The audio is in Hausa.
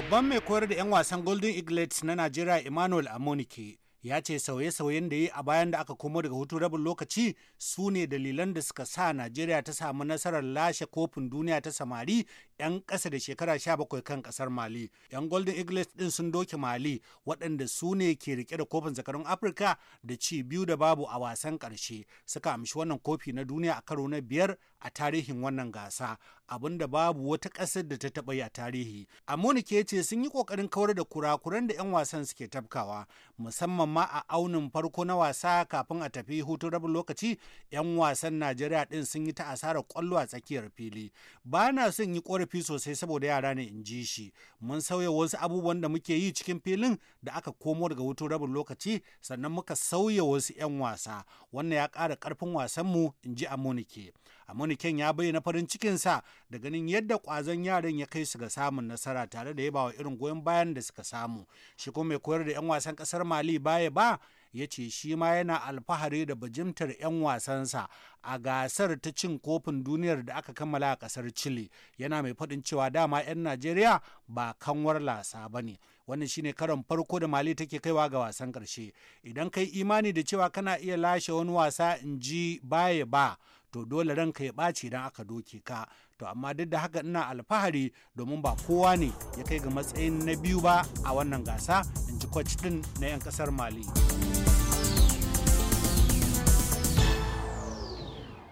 Babban mai koyar da 'yan wasan Golden Eaglets na Najeriya Emmanuel Amonike ya ce sauye-sauyen da yi a bayan da aka komo daga hutu rabin lokaci su ne dalilan da suka sa najeriya ta samu nasarar lashe kofin duniya ta samari 'yan ƙasa da shekara 17 kan ƙasar mali 'yan golden eagles ɗin sun doke mali waɗanda su ne ke rike da kofin zakarun afirka da ci biyu da babu a wasan ƙarshe suka amshi wannan kofi na duniya a karo na biyar a tarihin wannan gasa da babu wata ƙasar da ta taɓa yi a tarihi amma ke ce sun yi ƙoƙarin kawar da kurakuran da 'yan wasan suke tafkawa musamman musamman ma a aunin farko na wasa kafin a tafi hutun rabin lokaci 'yan wasan najeriya din sun yi ta asarar kwallo a tsakiyar fili ba na son yi korafi sosai saboda yara ne in ji shi mun sauya wasu abubuwan da muke yi cikin filin da aka komo daga hutun rabin lokaci sannan muka sauya wasu 'yan wasa wannan ya ƙara ƙarfin mu in ji amonike amonike ya bayyana farin cikinsa da ganin yadda ƙwazon yaran ya kai su ga samun nasara tare da yabawa irin goyon bayan da suka samu shi kuma mai koyar da 'yan wasan ƙasar mali bayan Ndiaye ba ya ce shi ma yana alfahari da bajimtar 'yan wasansa a gasar ta cin kofin duniyar da aka kammala a kasar chile yana mai faɗin cewa dama 'yan najeriya ba kanwar lasa ba ne wannan shine karon farko da mali take kaiwa ga wasan karshe idan kai imani da cewa kana iya lashe wani wasa in ji baye ba to dole ranka ya ɓaci idan aka doke ka to amma duk da haka ina alfahari domin ba kowa ne ya kai ga matsayin na biyu ba a wannan gasa in ji kwacitin ɗin na 'yan ƙasar mali.